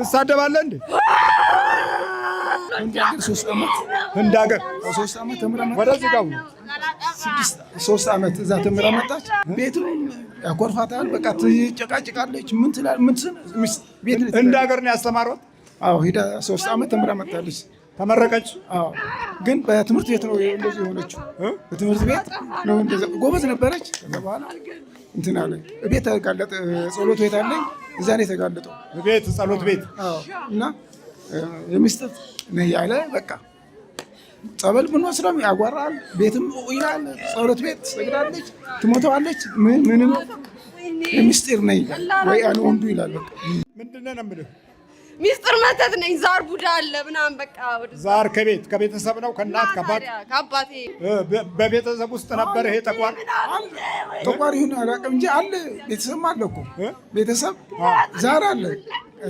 ትሳደባለህ እንዴ? ሶስት ዓመት እዛ ተምራ መጣች። ቤቱም ያኮርፋታል። በቃ ትጨቃጭቃለች። ምን ትላለች? እንደ ሀገር ነው ያስተማሯት። አዎ ሂዳ ሶስት ዓመት ተምራ መጣለች። ተመረቀች። አዎ ግን በትምህርት ቤት ነው እንደዚህ የሆነችው። በትምህርት ቤት ነው ጎበዝ ነበረች። ከዛ በኋላ እንትን አለ ቤት ተጋለጠ። ጸሎት ቤት አለኝ እዛ ነው የተጋለጠው። ቤት ጸሎት ቤት እና የሚስጥት ነህ ያለ በቃ ጸበል ብንወስደም ያጓራል። ቤትም ይላል ጸሎት ቤት ትሰግዳለች፣ ትሞተዋለች። ምንም የሚስጢር ነህ ወይ ያን ወንዱ ይላል በቃ ምንድን ነው የምልህ ሚስጥር መተት ነኝ። ዛር ቡዳ አለ ምናምን በቃ ዛር ከቤት ከቤተሰብ ነው ከእናት ከአባት ከአባቴ በቤተሰብ ውስጥ ነበር ይሄ ተቋር ተቋር ይሁን አላውቅም እንጂ አለ ቤተሰብ አለ እኮ ቤተሰብ ዛር አለ።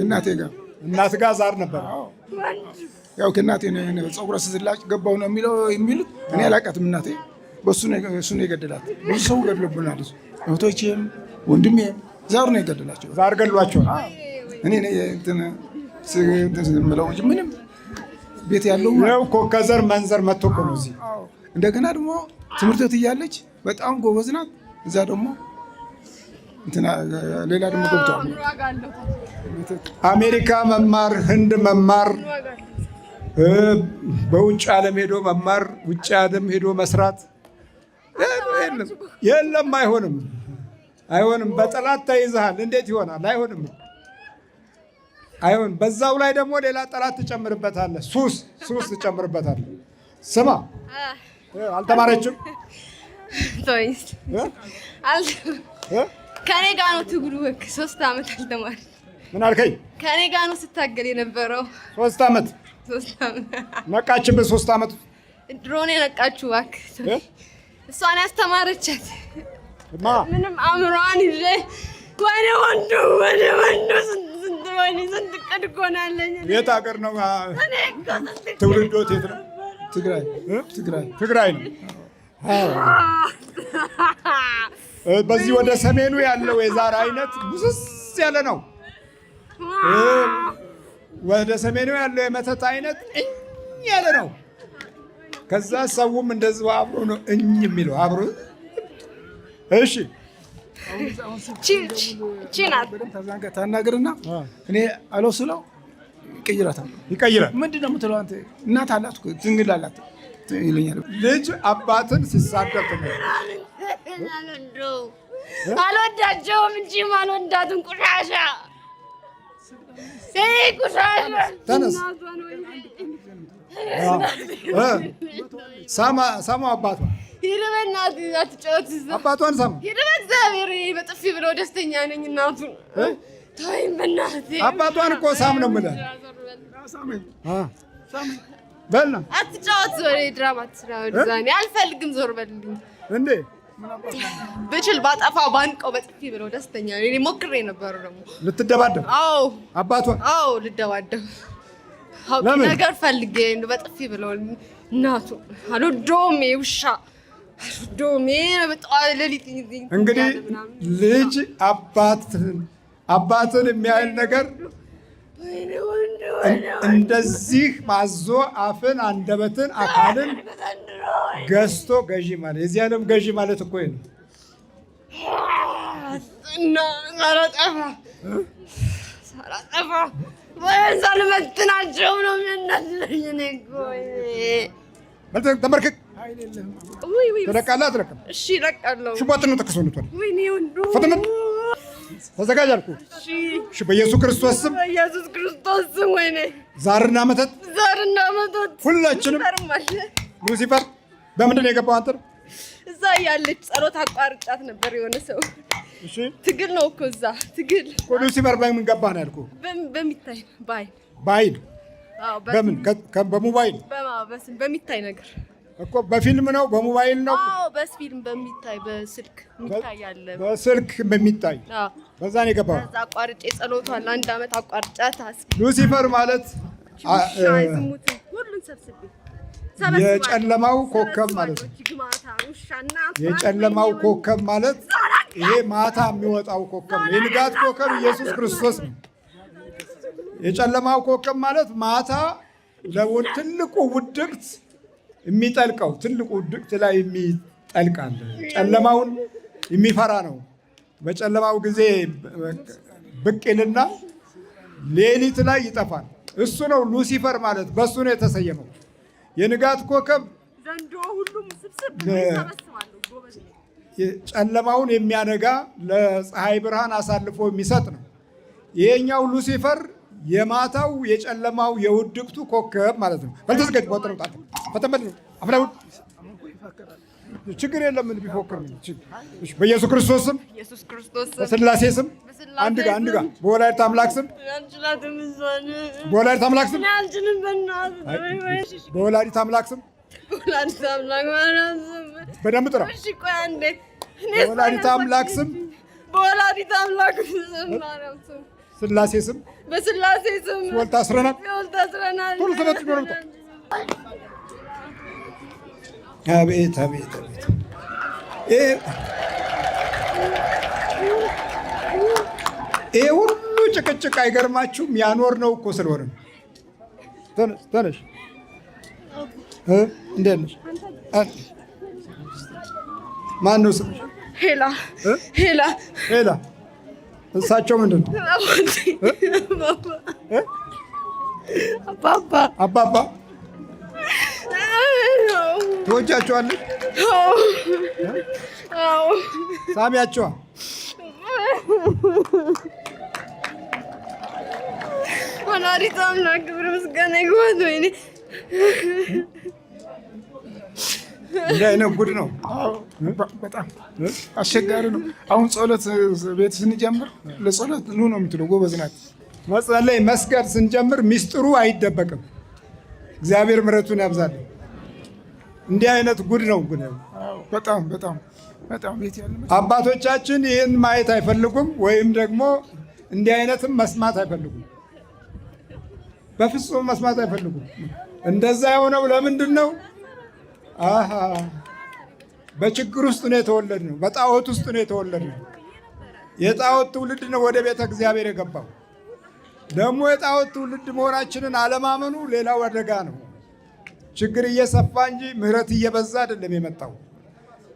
እናቴ ጋር እናት ጋር ዛር ነበር። ያው ከእናቴ ፀጉረ ስዝላጭ ገባው ነው የሚለው የሚሉት እኔ አላውቃትም። እናቴ በሱ ነው የገደላት። ብዙ ሰው ገድሎብናል። እህቶቼም ወንድሜም ዛር ነው የገደላቸው። ዛር ገድሏቸው እኔ ምለው ምንም ቤት ያለው እኮ ከዘር መንዘር መጥቶ እኮ ነው እዚህ። እንደገና ደግሞ ትምህርት ቤት እያለች በጣም ጎበዝ ናት። እዛ ደግሞ ሌላ ደግሞ ገብቷል። አሜሪካ መማር፣ ህንድ መማር፣ በውጭ ዓለም ሄዶ መማር፣ ውጭ ዓለም ሄዶ መስራት የለም፣ አይሆንም፣ አይሆንም። በጠላት ተይዘሃል። እንዴት ይሆናል? አይሆንም። አይሆን። በዛው ላይ ደግሞ ሌላ ጠላት ትጨምርበታለህ። ሱስ ሱስ ትጨምርበታለህ። ስማ፣ አልተማረችም። ከኔ ጋ ነው ትግሉ። ሶስት ዓመት አልተማር። ምን አልከኝ? ከኔ ጋ ነው ስታገል የነበረው ሶስት ዓመት ነቃችብህ። ሶስት ዓመት ድሮን የነቃችሁ እባክህ። እሷን ያስተማረቻት ምንም አእምሯን ይዤ ወደ ወንዱ ወደ ወንዱ ወይኔ ስንት ቅድ ጎናለኝ። የት ሀገር ነው ትውልዶት? የት ነው? ትግራይ ትግራይ ትግራይ ነው። በዚህ ወደ ሰሜኑ ያለው የዛር አይነት ጉስስ ያለ ነው። ወደ ሰሜኑ ያለው የመተት አይነት እኝ ያለ ነው። ከዛ ሰውም እንደዚህ አብሮ ነው እኝ የሚለው አብሮ እሺ ቺ ናት ታናግርና እኔ አለው ስለው ይቀይራታል። ይቀይራል ምንድን ነው የምትለው አንተ? እናት አላት ዝንግል አላት ይለኛል። ልጅ አባትን ሲሳደብ አልወዳቸውም እንጂ አልወዳትም። ቁሻሻ ቁሻሻ ተነስ ሰማ አባቷ ይርበና አትጫወት። አባቷ አንሳም ይርበ እግዚአብሔር በጥፊ ብለው ደስተኛ ነኝ። እናቱን ተወኝ በእናትህ። አባቷን እኮ ሳም ነው የምልህ። በልና አትጫወት። ወደ ድራማ ትስራ አልፈልግም። ዞር በልልኝ። እንዴ ብችል ባጠፋ ባንቀው በጥፊ ብለው ደስተኛ ነኝ። ሞክሬ ነበር ደግሞ ልትደባደብ። አዎ አባቷን። አዎ ልደባደብ ነገር ፈልጌ በጥፊ ብለው እናቱ አልወደውም ውሻ እንግዲህ ልጅ አባትን የሚያህል ነገር እንደዚህ ማዞ አፍን፣ አንደበትን፣ አካልን ገዝቶ ገዢ ማለት የዚህ ዓለም ገዢ ማለት እኮ ነው። ሳልመትናቸው ነው ትለቃለህ አትለቅም? እሺ እለቃለሁ። ሽቦ አትነው ተከሰውነት ወደ ወይኔ ተዘጋጅ አልኩህ። እሺ በኢየሱስ ክርስቶስ ስም በኢየሱስ ክርስቶስ ስም ወይኔ ዛርና መተት ዛርና መተት ሁላችንም ሉሲፈር በምንድን ነው የገባው? አንተ እዛ ያለች ጸሎት አቋርጫት ነበር የሆነ ሰው እሺ ትግል ነው እኮ እዛ ትግል እኮ ሉሲፈር በምን ገባህ ነው ያልኩህ። በሚታይ በአይን በአይን በምን በሞባይል በሚታይ ነገር እኮ በፊልም ነው በሞባይል ነው። አዎ በፊልም በሚታይ በስልክ የሚታይ በስልክ በሚታይ በዛ ነው የገባው። በዛ አቋርጬ ጸሎቷን አንድ አመት አቋርጫት። ሉሲፈር ማለት የጨለማው ኮከብ ማለት ነው። የጨለማው ኮከብ ማለት ይሄ ማታ የሚወጣው ኮከብ ነው። የንጋት ኮከብ ኢየሱስ ክርስቶስ ነው። የጨለማው ኮከብ ማለት ማታ ለትልቁ ውድቅት የሚጠልቀው ትልቁ ድቅት ላይ የሚጠልቃል። ጨለማውን የሚፈራ ነው። በጨለማው ጊዜ ብቅ ይልና ሌሊት ላይ ይጠፋል። እሱ ነው ሉሲፈር ማለት፣ በእሱ ነው የተሰየመው። የንጋት ኮከብ ጨለማውን የሚያነጋ ለፀሐይ ብርሃን አሳልፎ የሚሰጥ ነው። ይሄኛው ሉሲፈር የማታው የጨለማው የውድቅቱ ኮከብ ማለት ነው። በልተዘጋጅ በወጠነው ጣት ፈተመድ አፍላውድ ችግር የለም። ምን ቢፎክር በኢየሱስ ክርስቶስ ስም በስላሴ ስም አንድ ጋ አንድ ጋ በወላዲተ አምላክ ስም በወላዲተ አምላክ ስም በወላዲተ አምላክ ስም በደንብ ጥራ በወላዲተ አምላክ ስም በወላዲተ አምላክ ስም ስላሴ ስም በስላሴ ስም ወልታ አስረናል ወልታ አስረናል። ቶሎ ተበጥሮ ነው። አቤት አቤት አቤት! ይሄ ሁሉ ጭቅጭቅ አይገርማችሁም? ያኖር ነው እኮ ስለሆነ። ተነሽ ተነሽ፣ ማን ነው ስምሽ? ሄላ ሄላ ሄላ እሳቸው ምንድን ነው? አባባ አባባ ትወጃቸዋለች? ሳሚያቸዋ ወላዲተ አምላክ ክብር ምስጋና ይግባት። ወይኔ እንዲህ አይነት ጉድ ነው። በጣም አስቸጋሪ ነው። አሁን ጸሎት ቤት ስንጀምር ለጸሎት ኑ ነው የምትለው ጎበዝ ናት። መጸለይ መስገድ ስንጀምር ሚስጥሩ አይደበቅም። እግዚአብሔር ምሕረቱን ያብዛል። እንዲህ አይነት ጉድ ነው። በጣም በጣም በጣም አባቶቻችን ይህን ማየት አይፈልጉም፣ ወይም ደግሞ እንዲህ አይነትም መስማት አይፈልጉም። በፍጹም መስማት አይፈልጉም። እንደዛ የሆነው ለምንድን ነው? በችግር ውስጥ ነው የተወለድ በጣዖት ውስጥ ነው የተወለድ ነው። የጣዖት ትውልድ ነው ወደ ቤተ እግዚአብሔር የገባው። ደግሞ የጣዖት ትውልድ መሆናችንን አለማመኑ ሌላው አደጋ ነው። ችግር እየሰፋ እንጂ ምሕረት እየበዛ አይደለም የመጣው።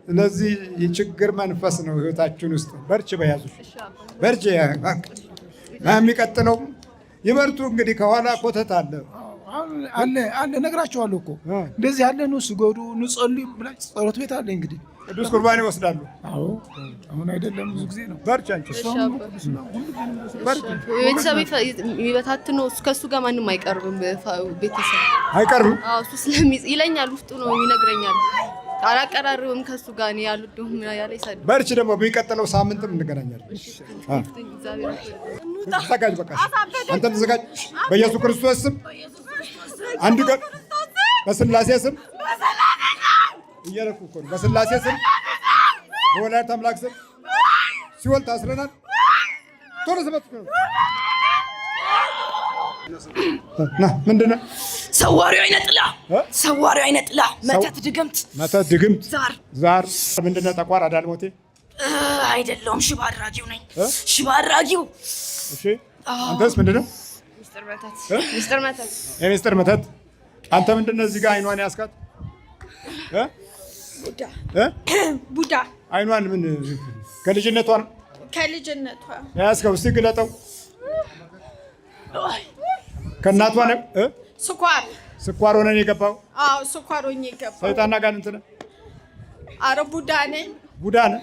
ስለዚህ የችግር መንፈስ ነው ህይወታችን ውስጥ። በርች በያዙ በርች የሚቀጥለው ይበርቱ። እንግዲህ ከኋላ ኮተት አለ። አለ አለ ነግራቸዋለሁ እኮ እንደዚህ አለ ነው። ስገዱ ንጸልዩ ብላችሁ ጸሎት ቤት አለ እንግዲህ ቅዱስ ቁርባን ይወስዳሉ። አዎ አሁን አይደለም ብዙ ጊዜ ነው። በርቻን ቤተሰብ ነው ከእሱ ጋር ማንም አይቀርብም። ቤተሰብ አይቀርብም። እሱ ስለሚ ይለኛል፣ ውስጡ ነው ይነግረኛል። አላቀራርብም ከሱ ጋር እኔ ያለ በርች ደግሞ በሚቀጥለው ሳምንትም እንገናኛለን። ተዘጋጅ፣ በቃ አንተም ተዘጋጅ። በኢየሱስ ክርስቶስ ስም አንድ ቀን በስላሴ ስም እየረኩ እኮ ነው። በስላሴ ስም በወላዲተ አምላክ ስም ሲወል ታስረናል። ቶሎ ስበት ምንድን ነው? ሰዋሪው አይነ ጥላ ሰዋሪው አይነ መተት ድግምት መተት ድግምት ዛር ዛር ምንድን ነው? ጠቋር አዳልሞቴ አይደለሁም። ሽባ አድራጊው ነኝ። ሽባ አድራጊው። አንተስ ምንድን ነው? የሚስጥር መተት አንተ ምንድን ነህ እዚህ ጋር አይኗን ያስካት ቡዳ አይኗን ምን ከልጅነቷ ነው ከልጅነቷ ያስከው እስቲ ግለጠው ከእናቷ ነው ስኳር ስኳር ሆነን የገባው አዎ ስኳር ሆኜ የገባው ሰይጣና ጋር እንትን አረ ቡዳ ነኝ ቡዳ ነህ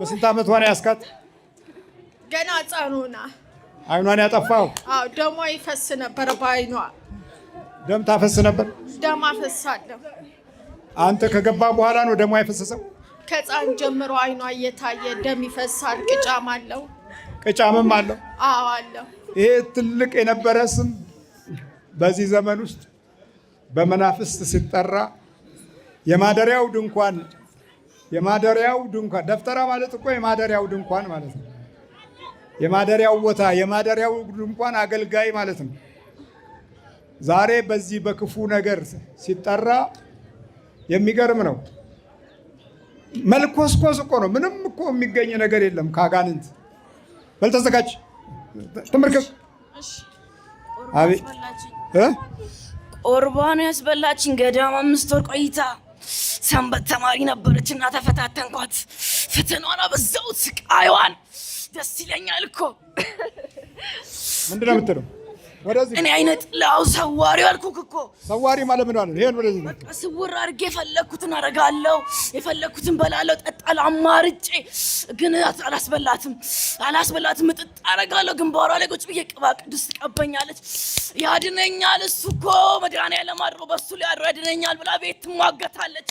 በስንት አመቷ ነው ያስካት ገና ህጻን አይኗን ያጠፋው ደሟ ይፈስ ነበር። በአይኗ ደም ታፈስ ነበር። ደም አፈሳለሁ። አንተ ከገባ በኋላ ነው ደሟ የፈሰሰው። ከህፃን ጀምሮ አይኗ እየታየ ደም ይፈሳል። ቅጫም አለው። ቅጫምም አለው። አዎ አለው። ይሄ ትልቅ የነበረ ስም በዚህ ዘመን ውስጥ በመናፍስት ሲጠራ የማደሪያው ድንኳን የማደሪያው ድንኳን ደፍተራ ማለት እኮ የማደሪያው ድንኳን ማለት ነው። የማደሪያው ቦታ የማደሪያው ድንኳን አገልጋይ ማለት ነው። ዛሬ በዚህ በክፉ ነገር ሲጠራ የሚገርም ነው። መልኮስኮስ እኮ ነው። ምንም እኮ የሚገኝ ነገር የለም ከአጋንንት በልተዘጋጅ ትምርክስ ቁርባኑ ያስበላችን ገዳም አምስት ወር ቆይታ ሰንበት ተማሪ ነበረች እና ተፈታተንኳት። ፈተናዋን አበዛው ስቃይዋን ደስ ይለኛል እኮ ምንድነው ነው የምትለው? ወደዚህ እኔ አይነት ላው ሰዋሪ አልኩህ እኮ። ሰዋሪ ማለት ምን ማለት? ይሄን ወደዚህ በቃ ስውር አድርጌ የፈለግኩትን አደርጋለሁ፣ የፈለግኩትን በላለሁ፣ ጠጣል አማርጬ ግን አላስበላትም፣ አላስበላትም። ምጥጥ አደርጋለሁ፣ ግንባሯ ላይ ቁጭ ብዬ ቅባ ቅዱስ ትቀበኛለች። ያድነኛል እሱ እኮ መድኃኒዓለም አድሮ በሱ ላይ አድሮ ያድነኛል ብላ ቤት ትሟገታለች።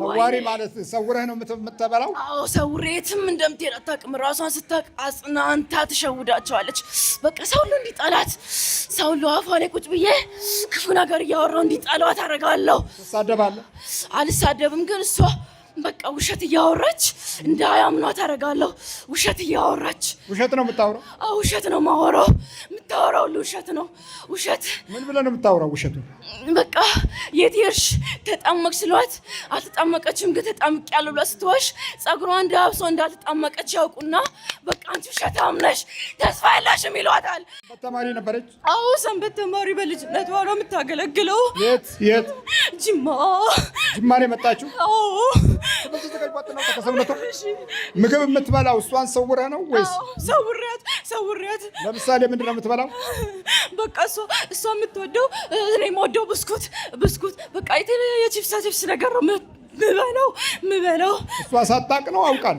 ሰዋሪ ማለት ሰውረህ ነው የምትበላው? አዎ ሰውሬ የትም እንደምትሄድ አታውቅም። ራሷን ስታውቅ አጽናንታ ትሸውዳቸዋለች። በቃ ሰው ሁሉ እንዲጠላት፣ ሰው ሁሉ አፏ ላይ ቁጭ ብዬ ክፉ ነገር እያወራው እንዲጠሏት አደርጋለሁ። ትሳደባለህ? አልሳደብም፣ ግን እሷ በቃ ውሸት እያወራች እንዳያምኗት አደርጋለሁ። ውሸት እያወራች ውሸት ነው የምታወራው። ውሸት ነው የማወራው። የምታወራው ሁሉ ውሸት ነው። ውሸት ምን ብለህ ነው የምታወራው? ውሸቱ በቃ የት ሄድሽ ተጣመቅሽ ስሏት አልተጣመቀችም፣ ግን ተጣምቄያለሁ ብላ ስትዋሽ ጸጉሯን እንዳብሶ እንዳልተጣመቀች ያውቁና በቃ አንቺ ውሸታም ነሽ፣ ተስፋ የለሽም ይሏታል። ተማሪ ነበረች። አዎ ሰንበት ተማሪ በልጅነት ነው የምታገለግለው። የት የት? ጅማ ጅማ ነው የመጣችው። አዎ ምግብ የምትበላው እሷን ሰውረህ ነው ወይስ? ሰውሬያት ሰውሬያት። ለምሳሌ ምንድን ነው የምትበላው? በቃ እሷ እሷ የምትወደው እኔ የምወደው ብስኩት ብስኩት፣ በቃ የቺፕሳ ቺፕስ ነገር ነው ምበለው ምበለው እሷ ሳታቅ ነው አውቃል።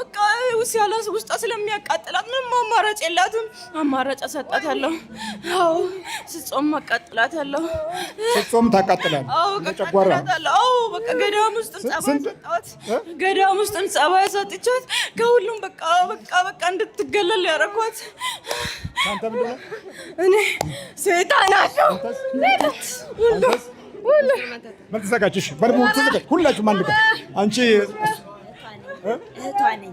በቃ ውስጥ ያለ ውስጧ ስለሚያቃጥላት ምንም አማራጭ የላትም። አማራጭ አሳጣታለሁ። አዎ ስጾም አቃጥላታለሁ። ስጾም ታቃጥላል። አዎ አዎ በቃ ገዳም ውስጥ ገዳም ውስጥ ጸባይ አሳጥቻት ከሁሉም በቃ በቃ በቃ እንድትገለል ያረኳት እኔ ሴታ ሴጣናለሁ መልክ ተዘጋጅሽ። ሁላችሁም አንድ ቀን አንቺ እህቷ ነኝ።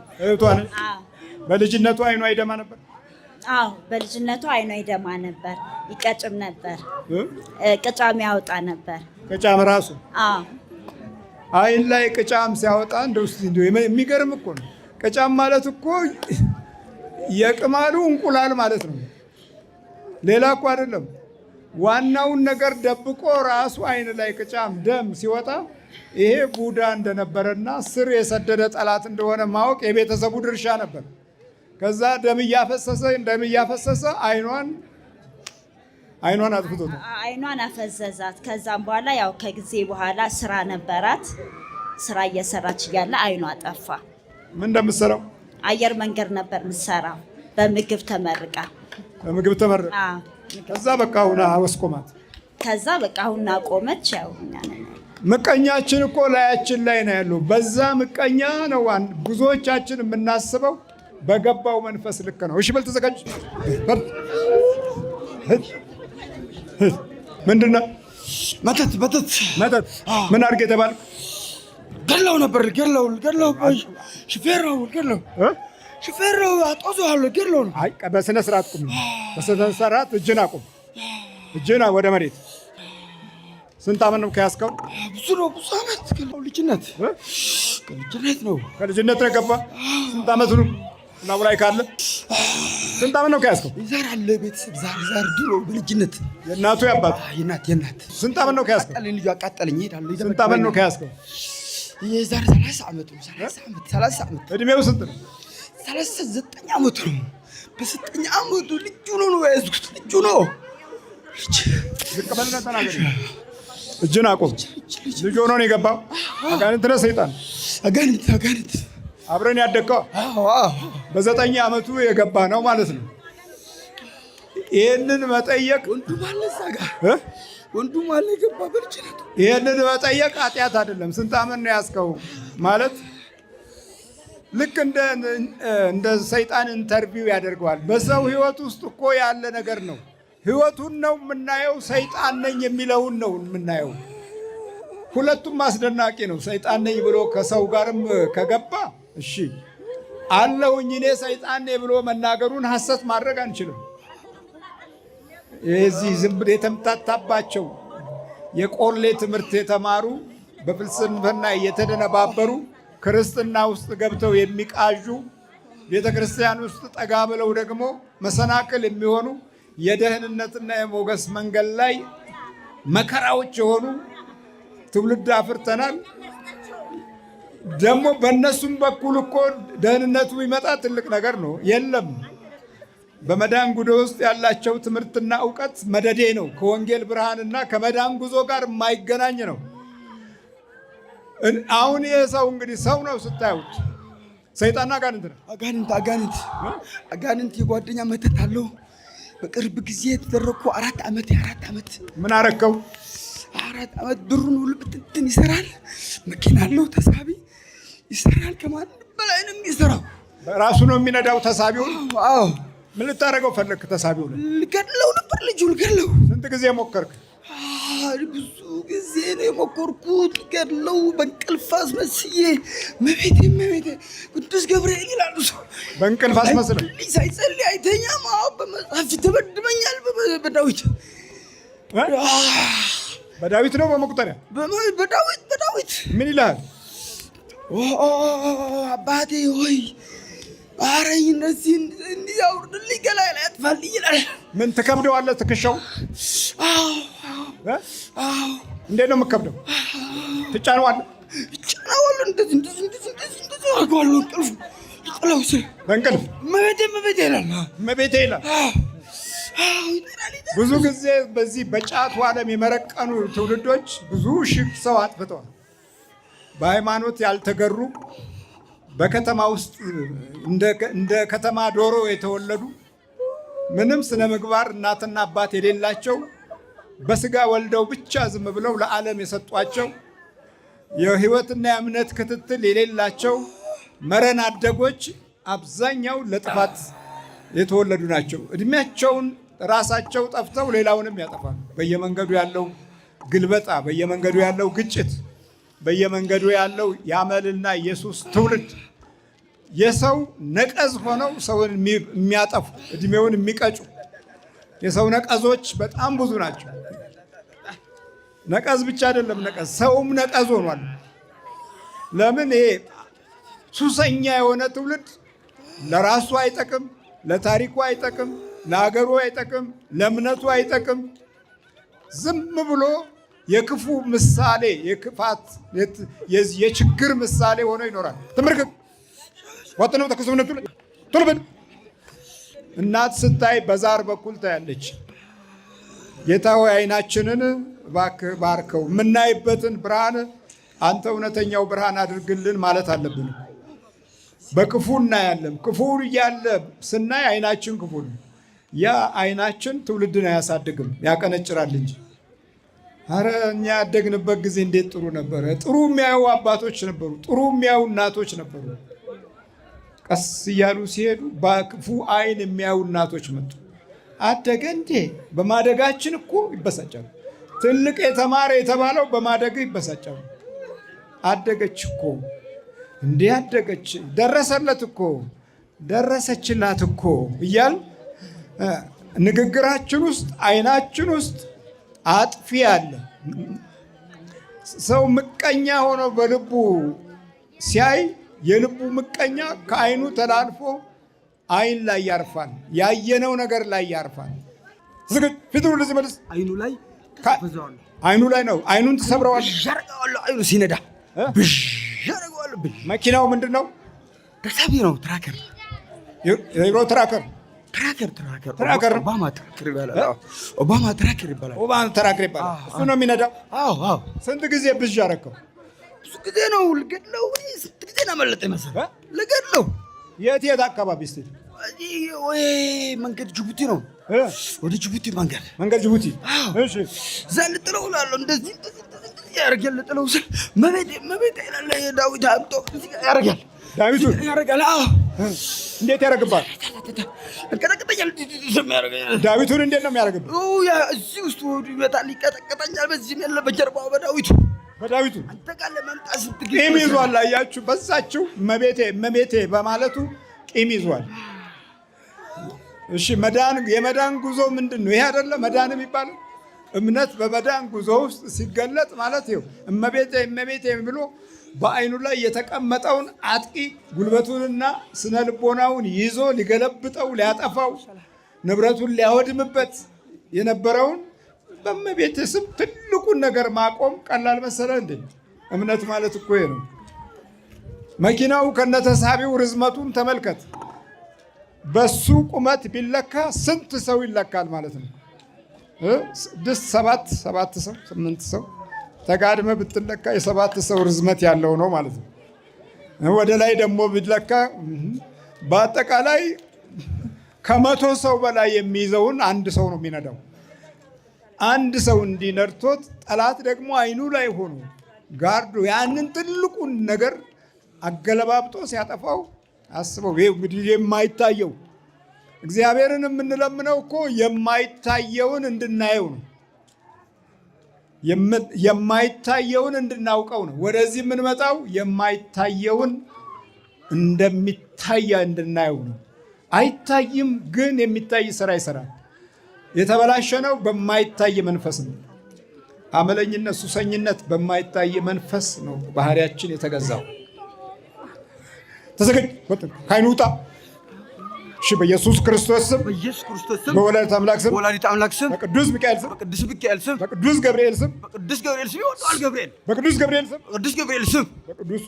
በልጅነቱ አይኗ ይደማ ነበር። አዎ በልጅነቱ አይኗ ይደማ ነበር። ይቀጭም ነበር። ቅጫም ያወጣ ነበር። ቅጫም ራሱ አይን ላይ ቅጫም ሲያወጣ እንደው የሚገርም እኮ ነው። ቅጫም ማለት እኮ የቅማሉ እንቁላል ማለት ነው። ሌላ እኮ አይደለም። ዋናውን ነገር ደብቆ ራሱ አይን ላይ ቅጫም ደም ሲወጣ ይሄ ቡዳ እንደነበረና ስር የሰደደ ጠላት እንደሆነ ማወቅ የቤተሰቡ ድርሻ ነበር። ከዛ ደም እያፈሰሰ ደም እያፈሰሰ አይኗን አይኗን አጥፍቶት አይኗን አፈዘዛት። ከዛም በኋላ ያው ከጊዜ በኋላ ስራ ነበራት። ስራ እየሰራች እያለ አይኗ ጠፋ። ምን እንደምትሰራው አየር መንገድ ነበር ምትሰራው። በምግብ ተመርቃ በምግብ ተመርቃ ከዛ በቃ አሁን አወስቆማት። ከዛ በቃ አሁን አቆመች። ያው ምቀኛችን እኮ ላያችን ላይ ነው ያለው። በዛ ምቀኛ ነው ብዙዎቻችን የምናስበው። በገባው መንፈስ ልክ ነው። እሺ በል ተዘጋጅ። ምንድን ነው መተት መተት መተት ምን አድርግ የተባልክ ገለው ነበር ገለው ገላው ሹፌራው ገላው ሽፈሮ አጦዘዋለሁ። ገድሎ ነው። አይ በስነ ስርዓት ቁም፣ በስነ ስርዓት እጅን አቁም፣ እጅን ወደ መሬት። ስንት ዓመት ነው ከያዝከው? ብዙ ነው፣ ብዙ ዓመት። ልጅነት ከልጅነት ነው፣ ከልጅነት ነው የገባ። ስንት ዓመት ነው? እና ካለ ስንት ዓመት ነው ከያዝከው? ዛር አለ ቤተሰብ ዛር ዛር፣ ድሮ በልጅነት የእናቱ ያባት የናት የናት ስንት ዓመት ነው ከያዝከው? አቃጠለኝ ልጁ አቃጠለኝ። እሄዳለሁ። ስንት ዓመት ነው ከያዝከው? የዛር ሰላሳ ዓመት ነው። ሰላሳ ዓመት እድሜው ስንት ነው? ሰላሳ ዘጠኝ አመቱ ነው። በዘጠኝ አመቱ ልጁ ነው ነው የያዝኩት ልጁ ነው። እጅን አቁም። ልጅ ሆኖ ነው የገባው። አጋንንት ነህ ሰይጣን፣ አጋንንት አጋንንት አብረን ያደግከው በዘጠኝ አመቱ የገባ ነው ማለት ነው። ይህንን መጠየቅ ወንዱም አለ የገባ በልጅነቱ። ይህንን መጠየቅ ኃጢአት አይደለም። ስንት አመት ነው ያዝከው ማለት ልክ እንደ ሰይጣን ኢንተርቪው ያደርገዋል። በሰው ህይወት ውስጥ እኮ ያለ ነገር ነው። ህይወቱን ነው የምናየው፣ ሰይጣን ነኝ የሚለውን ነው የምናየው። ሁለቱም አስደናቂ ነው። ሰይጣን ነኝ ብሎ ከሰው ጋርም ከገባ እሺ አለውኝ እኔ ሰይጣን ነኝ ብሎ መናገሩን ሐሰት ማድረግ አንችልም። የዚህ ዝም ብሎ የተምታታባቸው የቆሌ ትምህርት የተማሩ በፍልስፍና እየተደነባበሩ ክርስትና ውስጥ ገብተው የሚቃዡ ቤተ ክርስቲያን ውስጥ ጠጋ ብለው ደግሞ መሰናክል የሚሆኑ የደህንነትና የሞገስ መንገድ ላይ መከራዎች የሆኑ ትውልድ አፍርተናል። ደግሞ በእነሱም በኩል እኮ ደህንነቱ ይመጣ ትልቅ ነገር ነው። የለም በመዳን ጉዞ ውስጥ ያላቸው ትምህርትና እውቀት መደዴ ነው። ከወንጌል ብርሃንና ከመዳን ጉዞ ጋር የማይገናኝ ነው። አሁን ይሄ ሰው እንግዲህ ሰው ነው ስታዩት፣ ሰይጣንና አጋንንት ነው። አጋንንት አጋንንት አጋንንት የጓደኛ መተት አለው። በቅርብ ጊዜ የተደረግኩ አራት ዓመት የአራት ዓመት ምን አረከው አራት ዓመት ብሩን ሁሉ ብትንትን ይሰራል። መኪና አለው ተሳቢ ይሰራል። ከማንም በላይ ነው የሚሰራው። ራሱ ነው የሚነዳው ተሳቢውን። ምን ልታደርገው ፈለግክ? ተሳቢውን ልገድለው ነበር ልጁ ልገድለው። ስንት ጊዜ ሞከርክ? ብዙ ጊዜ ነው የመኮርኩት ገድለው በእንቅልፍ አስመስዬ መቤቴ መቤቴ ቅዱስ ገብርኤል ይላሉ ሰው በእንቅልፍ አስመስለ ሳይጸል አይተኛም። በመጽሐፍ ተበድበኛል። በዳዊት በዳዊት ነው በመቁጠሪያ በዳዊት በዳዊት ምን ይላል? አባቴ ሆይ አረኝ እነዚህን አውርድልኝ ገላይ ላይ አጥፋልኝ ይላል። ምን ትከብደዋለህ? ትከሻው እንዴት ነው የምከብደው? ትጫነዋለህ? እጫነዋለሁ። ብዙ ጊዜ በዚህ በጫቱ ዓለም የመረቀኑ ትውልዶች ብዙ ሺህ ሰው አጥፍተዋል። በሃይማኖት ያልተገሩ በከተማ ውስጥ እንደ ከተማ ዶሮ የተወለዱ ምንም ስነ ምግባር እናትና አባት የሌላቸው በስጋ ወልደው ብቻ ዝም ብለው ለዓለም የሰጧቸው የህይወትና የእምነት ክትትል የሌላቸው መረን አደጎች አብዛኛው ለጥፋት የተወለዱ ናቸው። እድሜያቸውን ራሳቸው ጠፍተው ሌላውንም ያጠፋል። በየመንገዱ ያለው ግልበጣ፣ በየመንገዱ ያለው ግጭት፣ በየመንገዱ ያለው የአመልና ኢየሱስ ትውልድ የሰው ነቀዝ ሆነው ሰውን የሚያጠፉ እድሜውን የሚቀጩ የሰው ነቀዞች በጣም ብዙ ናቸው። ነቀዝ ብቻ አይደለም ነቀዝ፣ ሰውም ነቀዝ ሆኗል። ለምን ይሄ ሱሰኛ የሆነ ትውልድ ለራሱ አይጠቅም፣ ለታሪኩ አይጠቅም፣ ለሀገሩ አይጠቅም፣ ለእምነቱ አይጠቅም። ዝም ብሎ የክፉ ምሳሌ፣ የክፋት የችግር ምሳሌ ሆኖ ይኖራል። ትምህርክ ወጥነው ተክሱምነቱ ቱልብን እናት ስታይ በዛር በኩል ታያለች። ጌታ ሆይ አይናችንን እባክህ ባርከው፣ የምናይበትን ብርሃን አንተ እውነተኛው ብርሃን አድርግልን ማለት አለብን። በክፉ እናያለን። ክፉ እያለ ስናይ አይናችን ክፉ ነው። ያ አይናችን ትውልድን አያሳድግም፣ ያቀነጭራል እንጂ። አረ እኛ ያደግንበት ጊዜ እንዴት ጥሩ ነበረ! ጥሩ የሚያዩ አባቶች ነበሩ፣ ጥሩ የሚያዩ እናቶች ነበሩ። ቀስ እያሉ ሲሄዱ በክፉ አይን የሚያዩ እናቶች መጡ። አደገ እንዴ? በማደጋችን እኮ ይበሳጫሉ። ትልቅ የተማረ የተባለው በማደግ ይበሳጫሉ። አደገች እኮ እንዴ? አደገች፣ ደረሰለት እኮ ደረሰችላት እኮ እያል ንግግራችን ውስጥ አይናችን ውስጥ አጥፊ አለ። ሰው ምቀኛ ሆኖ በልቡ ሲያይ የልቡ ምቀኛ ከአይኑ ተላልፎ አይን ላይ ያርፋል። ያየነው ነገር ላይ ያርፋል። ዝግጅ ፊቱን ወደዚህ መልስ። አይኑ ላይ አይኑ ላይ ነው። አይኑን ትሰብረዋል። ሲነዳ መኪናው ምንድን ነው? ተሳቢ ነው። ትራከር ሮ ትራከር ኦባማ ትራከር ይባላል። እሱ ነው የሚነዳው። ስንት ጊዜ ብዥ አረከው? ብዙ ጊዜ ነው ልገድለው። ስንት ጊዜ ነው መለጠኝ መሰለህ? ልገድለው። የት የት አካባቢ ስትሄድ? መንገድ ጅቡቲ ነው። ወደ ጅቡቲ መንገድ መንገድ ጅቡቲ። እዛ ልጥለው እላለሁ። እንደዚህ ያደርጋል። ልጥለው ስል መቤት መቤት አይላለ ዳዊት አምጦ ያደርጋል። ዳዊቱ ያደርጋል። እንዴት ያደርግባል? ዳዊቱን እንዴት ነው የሚያደርግብህ? እዚህ ውስጥ ወዱ ይመጣል፣ ይቀጠቅጠኛል። በዚህም ያለ በጀርባው በዳዊቱ በዳዊቱ አንተ ጋር ለመምጣት ስትግ ቂም ይዟል። አያችሁ፣ በዛችሁ መቤቴ መቤቴ በማለቱ ቂም ይዟል። እሺ መዳን የመዳን ጉዞ ምንድን ነው? ይሄ አይደለ መዳን የሚባለው እምነት በመዳን ጉዞ ውስጥ ሲገለጥ ማለት ይኸው እመቤቴ እመቤቴ ብሎ በአይኑ ላይ የተቀመጠውን አጥቂ ጉልበቱንና ስነ ልቦናውን ይዞ ሊገለብጠው ሊያጠፋው ንብረቱን ሊያወድምበት የነበረውን በእመቤቴ ስም ትልቁን ነገር ማቆም ቀላል መሰለ እንዴ? እምነት ማለት እኮ ነው። መኪናው ከነተሳቢው ርዝመቱን ተመልከት። በሱ ቁመት ቢለካ ስንት ሰው ይለካል ማለት ነው? ስድስት ሰባት ሰባት ሰው ስምንት ሰው ተጋድመ ብትለካ የሰባት ሰው ርዝመት ያለው ነው ማለት ነው። ወደ ላይ ደግሞ ብትለካ በአጠቃላይ ከመቶ ሰው በላይ የሚይዘውን አንድ ሰው ነው የሚነዳው። አንድ ሰው እንዲነድቶት ጠላት ደግሞ አይኑ ላይ ሆኖ ጋርዶ ያንን ትልቁን ነገር አገለባብጦ ሲያጠፋው አስበው። ይሄ እንግዲህ የማይታየው እግዚአብሔርን የምንለምነው እኮ የማይታየውን እንድናየው ነው። የማይታየውን እንድናውቀው ነው። ወደዚህ የምንመጣው የማይታየውን እንደሚታይ እንድናየው ነው። አይታይም፣ ግን የሚታይ ስራ ይሰራል። የተበላሸ ነው በማይታይ መንፈስ ነው። አመለኝነት፣ ሱሰኝነት በማይታይ መንፈስ ነው ባህሪያችን የተገዛው። ተዘጋጅ፣ ከአይኑ ውጣ ሽበ ኢየሱስ ክርስቶስ ስም በኢየሱስ ክርስቶስ ስም በወላዲተ አምላክ ስም በወላዲተ አምላክ ስም በቅዱስ ሚካኤል ስም በቅዱስ ሚካኤል ስም በቅዱስ ገብርኤል ስም በቅዱስ ገብርኤል ስም ይወጣል ገብርኤል በቅዱስ ገብርኤል ስም በቅዱስ ገብርኤል ስም በቅዱስ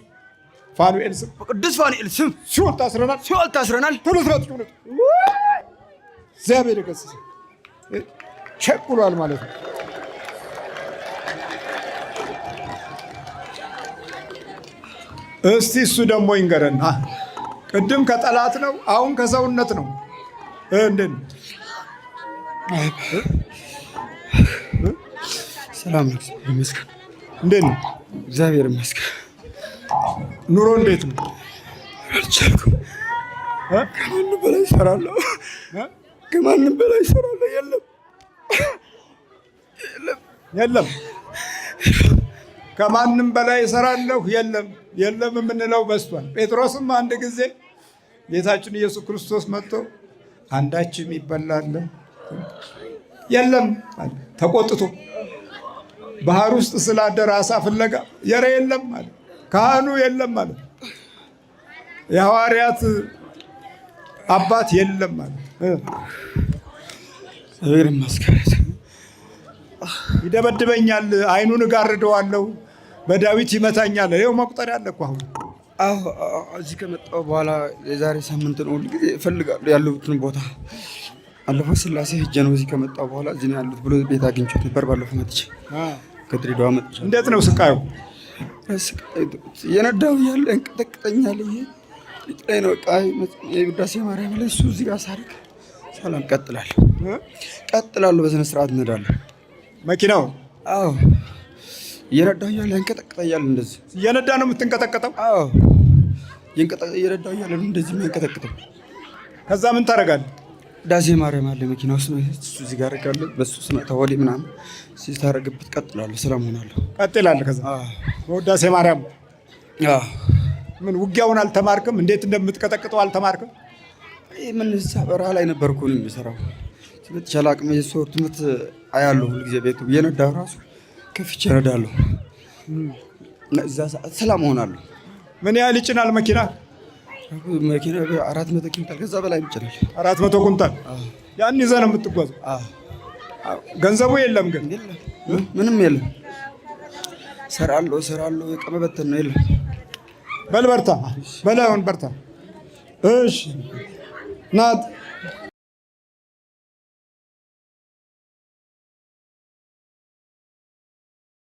ፋኑኤል ስም በቅዱስ ፋኑኤል ስም ሲኦል ታስረናል ሲኦል ታስረናል ቶሎ ስራጥጭ ነው እግዚአብሔር ይገስጽ ቸኩሏል ማለት ነው እስቲ እሱ ደግሞ ይንገረን ቅድም ከጠላት ነው፣ አሁን ከሰውነት ነው። እንድን ሰላም ነው። ይመስገን። እንዴት እግዚአብሔር ይመስገን። ኑሮ እንዴት ነው? አልቻልኩም። ከማንም በላይ እሰራለሁ፣ ከማንም በላይ እሰራለሁ። የለም የለም የለም ከማንም በላይ እሰራለሁ የለም የለም የምንለው በስቷል። ጴጥሮስም አንድ ጊዜ ጌታችን ኢየሱስ ክርስቶስ መጥቶ አንዳችም ይበላል የለም ተቆጥቶ ባህር ውስጥ ስላደረ አሳ ፍለጋ የረ የለም ማለት ካህኑ የለም ማለት የሐዋርያት አባት የለም ማለት ይደበድበኛል፣ አይኑን እጋርደዋለሁ በዳዊት ይመታኛል። ይኸው መቁጠር ያለ እኮ አሁን እዚህ ከመጣሁ በኋላ የዛሬ ሳምንትን ሁል ጊዜ እፈልጋለሁ ያለሁትን ቦታ አለፈ ስላሴ ሄጄ ነው እዚህ ከመጣሁ በኋላ እዚህ ነው ያሉት ብሎ ቤት አግኝቼት ነበር። ባለፈው መጥቼ ከድሬዳዋ መጥቼ እንዴት ነው ስቃዩ? የነዳው እያለ እንቀጠቅጠኛል። ይሄ ላይ ነው ቃ የቅዳሴ ማርያም ላይ እሱ እዚህ ጋር ሳርክ ሰላም ቀጥላለሁ፣ ቀጥላለሁ። በስነ ስርዓት እንሄዳለሁ መኪናው አዎ እየነዳ እያለ ያንቀጠቅጠያል። እንደዚህ እየነዳ ነው የምትንቀጠቀጠው? አዎ እየነዳ እያለ ነው እንደዚህ የሚያንቀጠቅጠው። ከዛ ምን ታደርጋለህ? ዳሴ ማርያም አለ መኪና ውስጥ እሱ እዚህ ጋር አደርጋለሁ። በሱ ስመጣ ወሌ ምናምን ሲታረግበት ቀጥላለሁ። ሰላም ሆናለሁ። ቀጥላለሁ። ከዛ ዳሴ ማርያም ምን ውጊያውን አልተማርክም? እንዴት እንደምትቀጠቅጠው አልተማርክም? ምን በረሃ ላይ ነበርኩ የሚሰራው። በተቻለ ሸላቅ የሶር ትምህርት አያለሁ ሁልጊዜ ቤቱ እየነዳ ራሱ ከፍቼ እረዳለሁ። እዛ ሰዓት ሰላም እሆናለሁ። ምን ያህል ይጭናል መኪና? መኪና አራት መቶ ኩንታል ከዛ በላይ ይጭናል። አራት መቶ ኩንታል ያን ይዘህ ነው የምትጓዘው? ገንዘቡ የለም ግን ምንም የለም። ሰራለሁ ሰራለሁ የቀመበትን ነው የለም። በል በርታ፣ በል አሁን በርታ። እሺ ናት